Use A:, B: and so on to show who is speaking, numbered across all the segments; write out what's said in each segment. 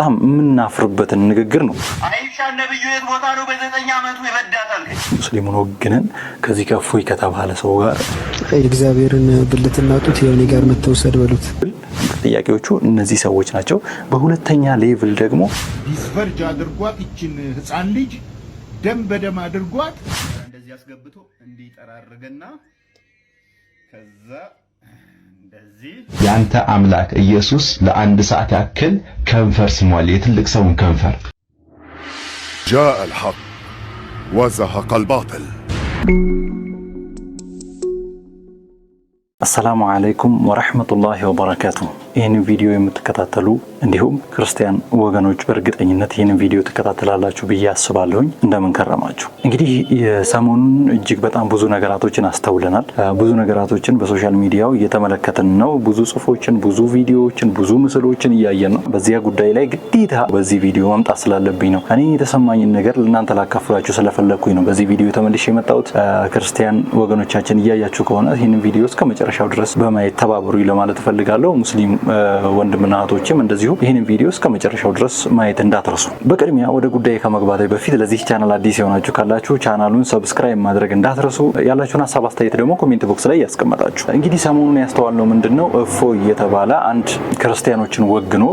A: በጣም የምናፍርበትን ንግግር ነው። አይሻ ነብዩ የት ቦታ ነው በዘጠኝ ዓመቱ ይበዳታል። ሙስሊሙን ወግነን ከዚህ ከፎይ ከተባለ ሰው ጋር
B: የእግዚአብሔርን ብልትና ጡት የኔ ጋር መተውሰድ በሉት።
A: ጥያቄዎቹ እነዚህ ሰዎች ናቸው። በሁለተኛ ሌቭል ደግሞ
C: ዲስፈርጅ አድርጓት ይችን ህፃን ልጅ ደም በደም አድርጓት እንደዚህ አስገብቶ እንዲጠራርገና
A: ከዛ ያንተ አምላክ ኢየሱስ ለአንድ ሰዓት ያክል ከንፈር ስሟል የትልቅ ሰውን ከንፈር جاء الحق وزهق الباطل السلام عليكم ورحمة الله وبركاته ይህንን ቪዲዮ የምትከታተሉ እንዲሁም ክርስቲያን ወገኖች በእርግጠኝነት ይህንን ቪዲዮ ትከታተላላችሁ ብዬ አስባለሁኝ። እንደምንከረማችሁ እንግዲህ ሰሞኑን እጅግ በጣም ብዙ ነገራቶችን አስተውለናል። ብዙ ነገራቶችን በሶሻል ሚዲያው እየተመለከትን ነው። ብዙ ጽሁፎችን፣ ብዙ ቪዲዮዎችን፣ ብዙ ምስሎችን እያየን ነው። በዚያ ጉዳይ ላይ ግዴታ በዚህ ቪዲዮ መምጣት ስላለብኝ ነው እኔ የተሰማኝን ነገር ለእናንተ ላካፍላችሁ ስለፈለግኩኝ ነው በዚህ ቪዲዮ ተመልሼ የመጣሁት። ክርስቲያን ወገኖቻችን እያያችሁ ከሆነ ይህንን ቪዲዮ እስከ መጨረሻው ድረስ በማየት ተባበሩ ለማለት እፈልጋለሁ ሙስሊም ወንድምና እህቶችም እንደዚሁ ይህንን ቪዲዮ እስከ መጨረሻው ድረስ ማየት እንዳትረሱ። በቅድሚያ ወደ ጉዳይ ከመግባት በፊት ለዚህ ቻናል አዲስ የሆናችሁ ካላችሁ ቻናሉን ሰብስክራይብ ማድረግ እንዳትረሱ፣ ያላችሁን ሀሳብ አስተያየት ደግሞ ኮሜንት ቦክስ ላይ ያስቀመጣችሁ። እንግዲህ ሰሞኑን ያስተዋልነው ምንድን ነው እፎ እየተባለ አንድ ክርስቲያኖችን ወግኖ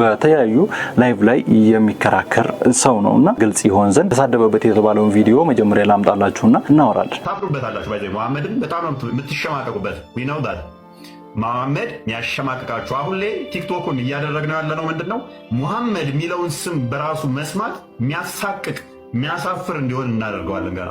A: በተለያዩ ላይቭ ላይ የሚከራከር ሰው ነው እና ግልጽ ይሆን ዘንድ ተሳደበበት የተባለውን ቪዲዮ መጀመሪያ ላምጣላችሁና እናወራለን። ታፍሩበታላችሁ። ሙሐመድን በጣም ነው የምትሸማቀቁበት ነው ማመድ የሚያሸማቅቃችሁ አሁን ላይ ቲክቶኩን እያደረግነው ያለነው ምንድን ነው? ሙሐመድ የሚለውን ስም በራሱ መስማት የሚያሳቅቅ የሚያሳፍር እንዲሆን እናደርገዋለን ገና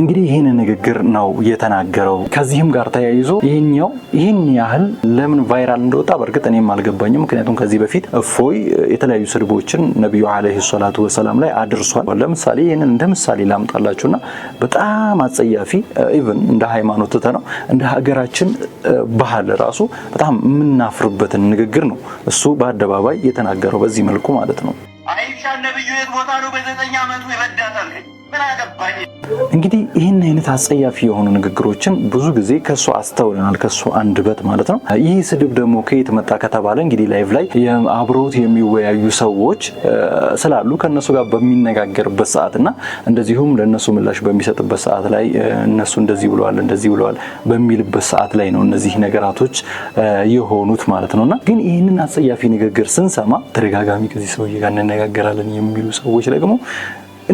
A: እንግዲህ ይህን ንግግር ነው የተናገረው። ከዚህም ጋር ተያይዞ ይህኛው ይህን ያህል ለምን ቫይራል እንደወጣ በእርግጥ እኔም አልገባኝም። ምክንያቱም ከዚህ በፊት እፎይ የተለያዩ ስድቦችን ነቢዩ አለ ሰላቱ ወሰላም ላይ አድርሷል። ለምሳሌ ይህንን እንደ ምሳሌ ላምጣላችሁና በጣም አጸያፊ ኢቭን እንደ ሃይማኖት ትተ ነው እንደ ሀገራችን ባህል ራሱ በጣም የምናፍርበትን ንግግር ነው እሱ በአደባባይ የተናገረው በዚህ መልኩ ማለት ነው። አይሻ ነብዩ የት ቦታ ነው በዘጠኝ ዓመቱ የረዳት እንግዲህ ይህን አይነት አጸያፊ የሆኑ ንግግሮችን ብዙ ጊዜ ከሱ አስተውለናል፣ ከሱ አንደበት ማለት ነው። ይህ ስድብ ደግሞ ከየት መጣ ከተባለ እንግዲህ ላይቭ ላይ አብረውት የሚወያዩ ሰዎች ስላሉ ከነሱ ጋር በሚነጋገርበት ሰዓት እና እንደዚሁም ለነሱ ምላሽ በሚሰጥበት ሰዓት ላይ እነሱ እንደዚህ ብለዋል፣ እንደዚህ ብለዋል በሚልበት ሰዓት ላይ ነው እነዚህ ነገራቶች የሆኑት ማለት ነውና ግን ይህንን አጸያፊ ንግግር ስንሰማ ተደጋጋሚ ከዚህ ሰውዬ ጋር እንነጋገራለን የሚሉ ሰዎች ደግሞ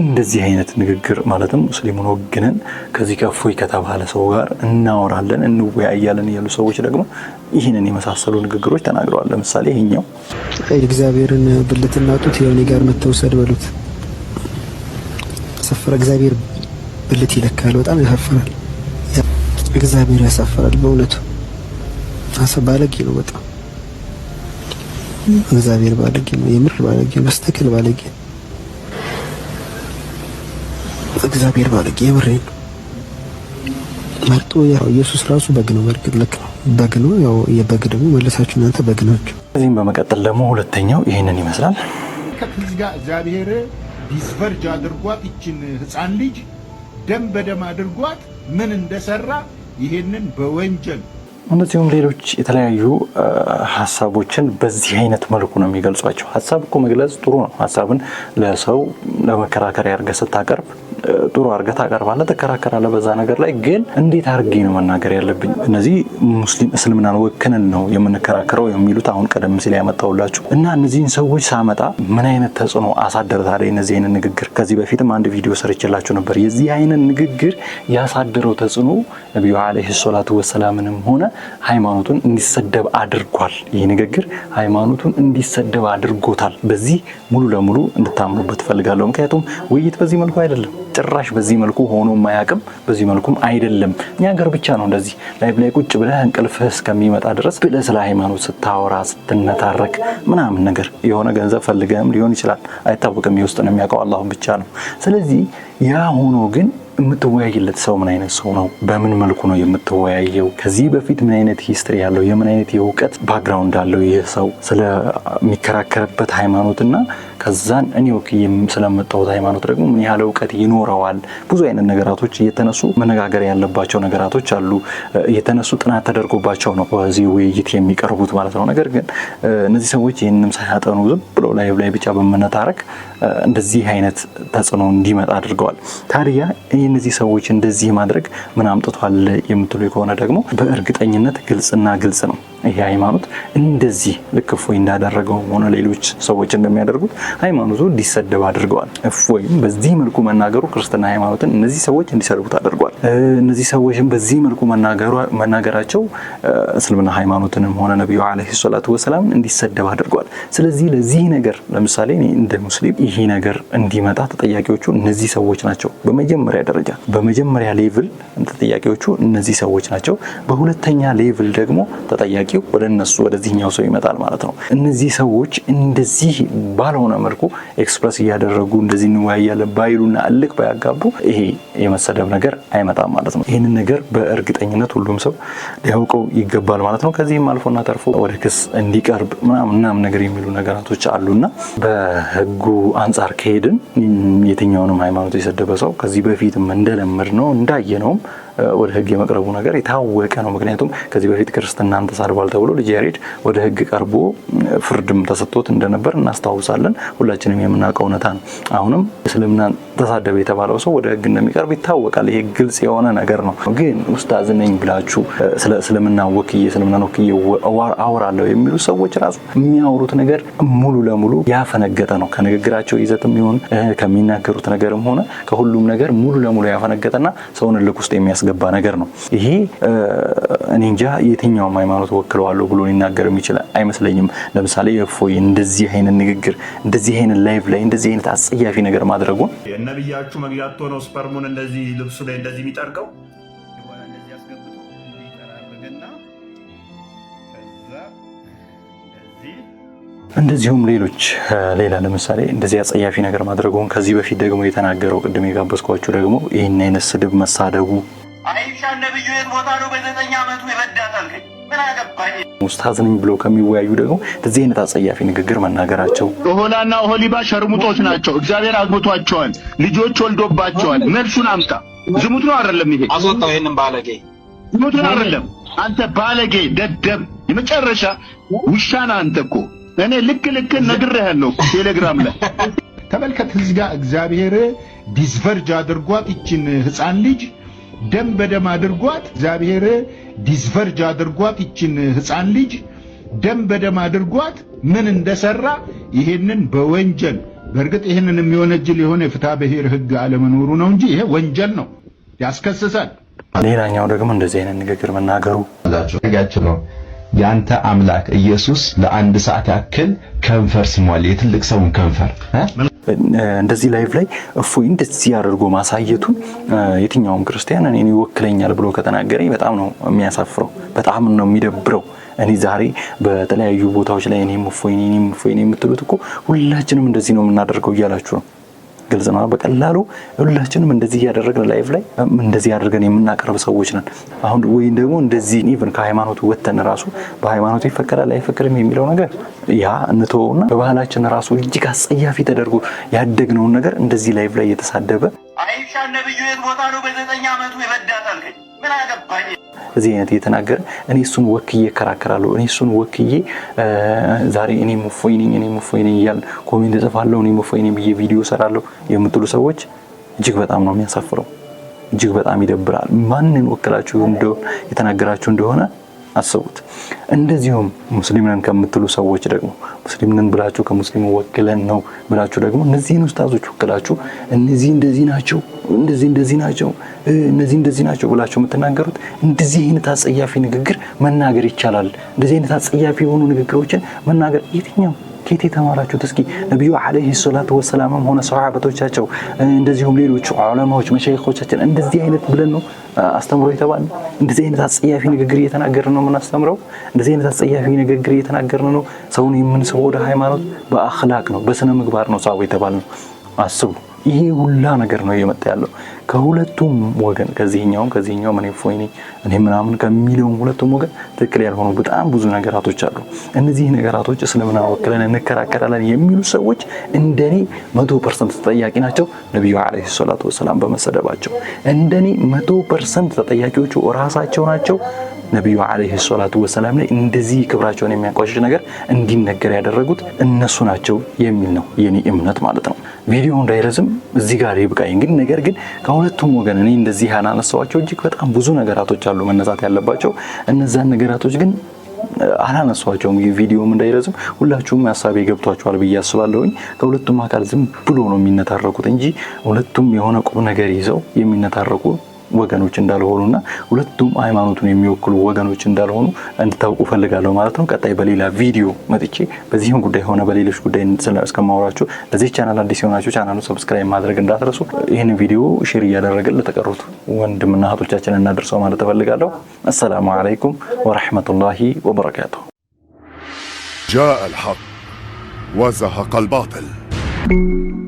A: እንደዚህ አይነት ንግግር ማለትም ሙስሊሙን ወግነን ከዚህ ከፎይ ከተባለ ሰው ጋር እናወራለን እንወያያለን ያሉ ሰዎች ደግሞ ይህንን የመሳሰሉ ንግግሮች ተናግረዋል። ለምሳሌ ይሄኛው
B: እግዚአብሔርን ብልትና ጡት የሆነ ጋር መተውሰድ በሉት ሰፈረ እግዚአብሔር ብልት ይለካል። በጣም ያሳፍራል። እግዚአብሔር ያሳፍራል። በእውነቱ አሰ ባለጌ ነው። በጣም እግዚአብሔር ባለጌ ነው። የምር ባለጌ ነው። በስተክል ባለጌ ነው። እግዚአብሔር ባለጌ የምሬን መርጦ ያው ኢየሱስ ራሱ በግ ነው። በርግጥ ልክ ነው፣ በግ ነው። ያው የበግ ደግሞ መለሳችሁ እናንተ በግ ናችሁ።
A: እዚህም በመቀጠል ደግሞ ሁለተኛው ይህንን ይመስላል። ከክዝ ጋር እግዚአብሔር ዲስፈርጅ አድርጓት ይችን ህፃን ልጅ ደም በደም አድርጓት ምን እንደሰራ ይሄንን በወንጀል እነዚሁም ሌሎች የተለያዩ ሀሳቦችን በዚህ አይነት መልኩ ነው የሚገልጿቸው። ሀሳብ እኮ መግለጽ ጥሩ ነው። ሀሳብን ለሰው ለመከራከሪያ አድርገህ ስታቀርብ ጥሩ አድርገህ ታቀርባለህ፣ ትከራከራለህ በዛ ነገር ላይ ግን እንዴት አድርጌ ነው መናገር ያለብኝ? እነዚህ ሙስሊም እስልምናን ወክንን ነው የምንከራከረው የሚሉት አሁን ቀደም ሲል ያመጣውላችሁ እና እነዚህን ሰዎች ሳመጣ ምን አይነት ተጽዕኖ አሳደረ ታዲያ እነዚህ አይነት ንግግር? ከዚህ በፊትም አንድ ቪዲዮ ሰርችላችሁ ነበር። የዚህ አይነት ንግግር ያሳደረው ተጽዕኖ ነቢዩ ዓለይሂ ሰላቱ ወሰላምንም ሆነ ሃይማኖቱን እንዲሰደብ አድርጓል። ይህ ንግግር ሃይማኖቱን እንዲሰደብ አድርጎታል። በዚህ ሙሉ ለሙሉ እንድታምኑበት እፈልጋለሁ። ምክንያቱም ውይይት በዚህ መልኩ አይደለም፣ ጭራሽ በዚህ መልኩ ሆኖ ማያቅም፣ በዚህ መልኩም አይደለም። እኛ ሀገር ብቻ ነው እንደዚህ ላይብ ላይ ቁጭ ብለህ እንቅልፍህ እስከሚመጣ ድረስ ብለህ ስለ ሃይማኖት ስታወራ ስትነታረክ ምናምን ነገር የሆነ ገንዘብ ፈልገህም ሊሆን ይችላል አይታወቅም። የውስጥ ነው የሚያውቀው አላሁን ብቻ ነው። ስለዚህ ያ ሆኖ ግን የምትወያይለት ሰው ምን አይነት ሰው ነው? በምን መልኩ ነው የምትወያየው? ከዚህ በፊት ምን አይነት ሂስትሪ ያለው የምን አይነት የእውቀት ባክግራውንድ አለው ይህ ሰው ስለሚከራከርበት ሃይማኖትና ከዛን እኔ ወክዬ ስለመጣሁት ሃይማኖት ደግሞ ምን ያህል እውቀት ይኖረዋል። ብዙ አይነት ነገራቶች እየተነሱ መነጋገር ያለባቸው ነገራቶች አሉ። እየተነሱ ጥናት ተደርጎባቸው ነው በዚህ ውይይት የሚቀርቡት ማለት ነው። ነገር ግን እነዚህ ሰዎች ይህንም ሳያጠኑ ዝም ብሎ ላይ ላይ ብቻ በመነታረክ እንደዚህ አይነት ተጽዕኖ እንዲመጣ አድርገዋል። ታዲያ እነዚህ ሰዎች እንደዚህ ማድረግ ምን አምጥቷል የምትሉ ከሆነ ደግሞ በእርግጠኝነት ግልጽና ግልጽ ነው። ይህ ሃይማኖት እንደዚህ ልክ እፎይ እንዳደረገው ሆነ ሌሎች ሰዎች እንደሚያደርጉት ሃይማኖቱ እንዲሰደብ አድርገዋል። ወይም በዚህ መልኩ መናገሩ ክርስትና ሃይማኖትን እነዚህ ሰዎች እንዲሰድቡት አድርጓል። እነዚህ ሰዎችም በዚህ መልኩ መናገራቸው እስልምና ሃይማኖትንም ሆነ ነቢዩ ዓለይሂ ሰላቱ ወሰላምን እንዲሰደብ አድርጓል። ስለዚህ ለዚህ ነገር ለምሳሌ እንደ ሙስሊም ይሄ ነገር እንዲመጣ ተጠያቂዎቹ እነዚህ ሰዎች ናቸው። በመጀመሪያ ደረጃ በመጀመሪያ ሌቭል ተጠያቂዎቹ እነዚህ ሰዎች ናቸው። በሁለተኛ ሌቭል ደግሞ ተጠያቂው ወደ እነሱ ወደዚህኛው ሰው ይመጣል ማለት ነው። እነዚህ ሰዎች እንደዚህ ባልሆነ መልኩ ኤክስፕረስ እያደረጉ እንደዚህ እንወያያለን ባይሉና እልክ ባያጋቡ ይሄ የመሰደብ ነገር አይመጣም ማለት ነው። ይህንን ነገር በእርግጠኝነት ሁሉም ሰው ሊያውቀው ይገባል ማለት ነው። ከዚህም አልፎና ተርፎ ወደ ክስ እንዲቀርብ ምናምን ምናምን ነገር የሚሉ ነገራቶች አሉና በህጉ አንጻር ከሄድን የትኛውንም ሃይማኖት የሰደበ ሰው ከዚህ በፊትም እንደለመድ ነው እንዳየ ነውም ወደ ህግ የመቅረቡ ነገር የታወቀ ነው። ምክንያቱም ከዚህ በፊት ክርስትናን ተሳድቧል ተብሎ ልጅ ያሬድ ወደ ህግ ቀርቦ ፍርድም ተሰጥቶት እንደነበር እናስታውሳለን። ሁላችንም የምናውቀው እውነታ ነው። አሁንም እስልምናን ተሳደበ የተባለው ሰው ወደ ህግ እንደሚቀርብ ይታወቃል። ይሄ ግልጽ የሆነ ነገር ነው። ግን ኡስታዝ ነኝ ብላችሁ ስለ እስልምና ወክዬ እስልምና ወክዬ አወራለሁ የሚሉ ሰዎች ራሱ የሚያወሩት ነገር ሙሉ ለሙሉ ያፈነገጠ ነው። ከንግግራቸው ይዘትም ይሁን ከሚናገሩት ነገርም ሆነ ከሁሉም ነገር ሙሉ ለሙሉ ያፈነገጠና ሰውን ልክ ውስጥ የሚያስገባ ነገር ነው። ይሄ እኔ እንጃ የትኛውም ሃይማኖት ወክለዋለሁ ብሎ ሊናገርም ይችላል አይመስለኝም። ለምሳሌ እፎይ እንደዚህ አይነት ንግግር እንደዚህ አይነት ላይቭ ላይ እንደዚህ አይነት አጸያፊ ነገር ማድረጉን ነብያችሁ መግቢያቶ ነው ስፐርሙን እንደዚህ ልብሱ ላይ እንደዚህ የሚጠርቀው እንደዚሁም ሌሎች ሌላ ለምሳሌ እንደዚህ አጸያፊ ነገር ማድረጉን ከዚህ በፊት ደግሞ የተናገረው ቅድም የጋበዝኳችሁ ደግሞ ይህን አይነት ስድብ መሳደቡ አይሻ ነብዩ የት ቦታ ነው በዘጠኝ ዓመቱ የበዳታል ኡስታዝ ነኝ ብሎ ከሚወያዩ ደግሞ እንደዚህ አይነት አጸያፊ ንግግር መናገራቸው ኦሆላና ኦሆሊባ ሸርሙጦች ናቸው። እግዚአብሔር አግብቷቸዋል፣ ልጆች ወልዶባቸዋል። መልሱን አምጣ። ዝሙት ነው አይደለም? ይሄ
D: አስወጣው። ይሄንን ባለጌ
A: ዝሙት ነው አይደለም? አንተ ባለጌ ደደብ፣ የመጨረሻ ውሻና አንተ እኮ እኔ ልክ ልክ ነግሬሃለሁ። ቴሌግራም ላይ
C: ተመልከት። እዚህ ጋር እግዚአብሔር ዲስቨርጅ አድርጓት ይችን ህፃን ልጅ ደም በደም አድርጓት እግዚአብሔር ዲስቨርጅ አድርጓት ይችን ሕፃን ልጅ ደም በደም አድርጓት ምን እንደሰራ ይሄንን በወንጀል በእርግጥ ይህንን የሚወነጅል የሆነ የፍትሐ ብሔር ሕግ አለመኖሩ ነው እንጂ ይሄ ወንጀል ነው፣ ያስከስሳል።
A: ሌላኛው ደግሞ እንደዚህ አይነት ንግግር መናገሩ ያቸው ነው። ያንተ አምላክ ኢየሱስ ለአንድ ሰዓት ያክል ከንፈር ስሟል፣ የትልቅ ሰውን ከንፈር እንደዚህ ላይፍ ላይ እፎይ እንደዚህ አድርጎ ማሳየቱ የትኛውም ክርስቲያን እኔን ይወክለኛል ብሎ ከተናገረኝ በጣም ነው የሚያሳፍረው፣ በጣም ነው የሚደብረው። እኔ ዛሬ በተለያዩ ቦታዎች ላይ እኔም እፎይ እኔም እፎይ የምትሉት እኮ ሁላችንም እንደዚህ ነው የምናደርገው እያላችሁ ነው ግልጽ ነው። በቀላሉ ሁላችንም እንደዚህ እያደረግን ላይፍ ላይ እንደዚህ አድርገን የምናቀርብ ሰዎች ነን። አሁን ወይም ደግሞ እንደዚህ ኢቨን ከሃይማኖቱ ወተን ራሱ በሃይማኖቱ ይፈቀዳል አይፈቅድም የሚለው ነገር ያ እንተወውና በባህላችን ራሱ እጅግ አስጸያፊ ተደርጎ ያደግነውን ነገር እንደዚህ ላይፍ ላይ እየተሳደበ አይሻ ነብዩ የት ቦታ ነው በዘጠኝ ዓመቱ ይበዳታል እዚህ አይነት እየተናገረ እኔ እሱን ወክዬ እከራከራለሁ፣ እኔ እሱን ወክዬ ዛሬ እኔ እፎይ ነኝ፣ እኔ እፎይ ነኝ እያልን ኮሜንት እጽፋለሁ፣ እኔ እፎይ ነኝ ብዬ ቪዲዮ እሰራለሁ የምትሉ ሰዎች እጅግ በጣም ነው የሚያሳፍረው። እጅግ በጣም ይደብራል። ማንን ወክላችሁ የተናገራችሁ እንደሆነ አስቡት። እንደዚሁም ሙስሊም ነን ከምትሉ ሰዎች ደግሞ ሙስሊም ነን ብላችሁ ከሙስሊሙ ወክለን ነው ብላችሁ ደግሞ እነዚህን ውስጣዞች ወክላችሁ እነዚህ እንደዚህ ናቸው እንደዚህ እንደዚህ ናቸው እነዚህ እንደዚህ ናቸው ብላችሁ የምትናገሩት እንደዚህ አይነት አጸያፊ ንግግር መናገር ይቻላል። እንደዚህ አይነት አጸያፊ የሆኑ ንግግሮችን መናገር የትኛው ከየት የተማራችሁት? እስኪ ነቢዩ ዓለይሂ ሰላቱ ወሰላምም ሆነ ሰሓበቶቻቸው እንደዚሁም ሌሎቹ ዑለማዎች መሸይኾቻችን እንደዚህ አይነት ብለን ነው አስተምሮ የተባል እንደዚህ አይነት አጸያፊ ንግግር እየተናገርን ነው የምናስተምረው። እንደዚህ አይነት አጸያፊ ንግግር እየተናገርን ነው። ሰውን የምንስበው ወደ ሃይማኖት በአኽላቅ ነው፣ በስነ ምግባር ነው ሰው የተባለ ነው። አስቡ። ይሄ ሁላ ነገር ነው እየመጣ ያለው ከሁለቱም ወገን ከዚህኛውም ከዚህኛው እኔ ፎይኔ እኔ ምናምን ከሚለውም ሁለቱም ወገን ትክክል ያልሆኑ በጣም ብዙ ነገራቶች አሉ። እነዚህ ነገራቶች እስልምና ወክለን እንከራከራለን የሚሉ ሰዎች እንደኔ መቶ ፐርሰንት ተጠያቂ ናቸው ነቢዩ ዓለይሂ ሰላቱ ወሰላም በመሰደባቸው። እንደኔ መቶ ፐርሰንት ተጠያቂዎቹ ራሳቸው ናቸው ነቢዩ ዓለይሂ ሰላቱ ወሰላም ላይ እንደዚህ ክብራቸውን የሚያቋሽሽ ነገር እንዲነገር ያደረጉት እነሱ ናቸው የሚል ነው የኔ እምነት ማለት ነው። ቪዲዮ እንዳይረዝም እዚህ ጋር ይብቃኝ። እንግዲህ ነገር ግን ከሁለቱም ወገን እኔ እንደዚህ ያላነሳዋቸው እጅግ በጣም ብዙ ነገራቶች አሉ መነሳት ያለባቸው። እነዛን ነገራቶች ግን አላነሷቸውም። ቪዲዮም እንዳይረዝም ሁላችሁም ሀሳቤ ገብቷችኋል ብዬ አስባለሁኝ። ከሁለቱም አካል ዝም ብሎ ነው የሚነታረቁት እንጂ ሁለቱም የሆነ ቁም ነገር ይዘው የሚነታረቁ ወገኖች እንዳልሆኑና ሁለቱም ሃይማኖቱን የሚወክሉ ወገኖች እንዳልሆኑ እንድታውቁ ፈልጋለሁ ማለት ነው። ቀጣይ በሌላ ቪዲዮ መጥቼ በዚህም ጉዳይ ሆነ በሌሎች ጉዳይ እስከማወራችሁ ለዚህ ቻናል አዲስ የሆናችሁ ቻናሉ ሰብስክራይብ ማድረግ እንዳትረሱ። ይህን ቪዲዮ ሼር እያደረግን ለተቀሩት ወንድምና እህቶቻችን እናደርሰው ማለት እፈልጋለሁ። አሰላሙ አለይኩም ወረህመቱላሂ ወበረካቱ። ጃአ አልሐቅ ወዘሀቀ አልባጥል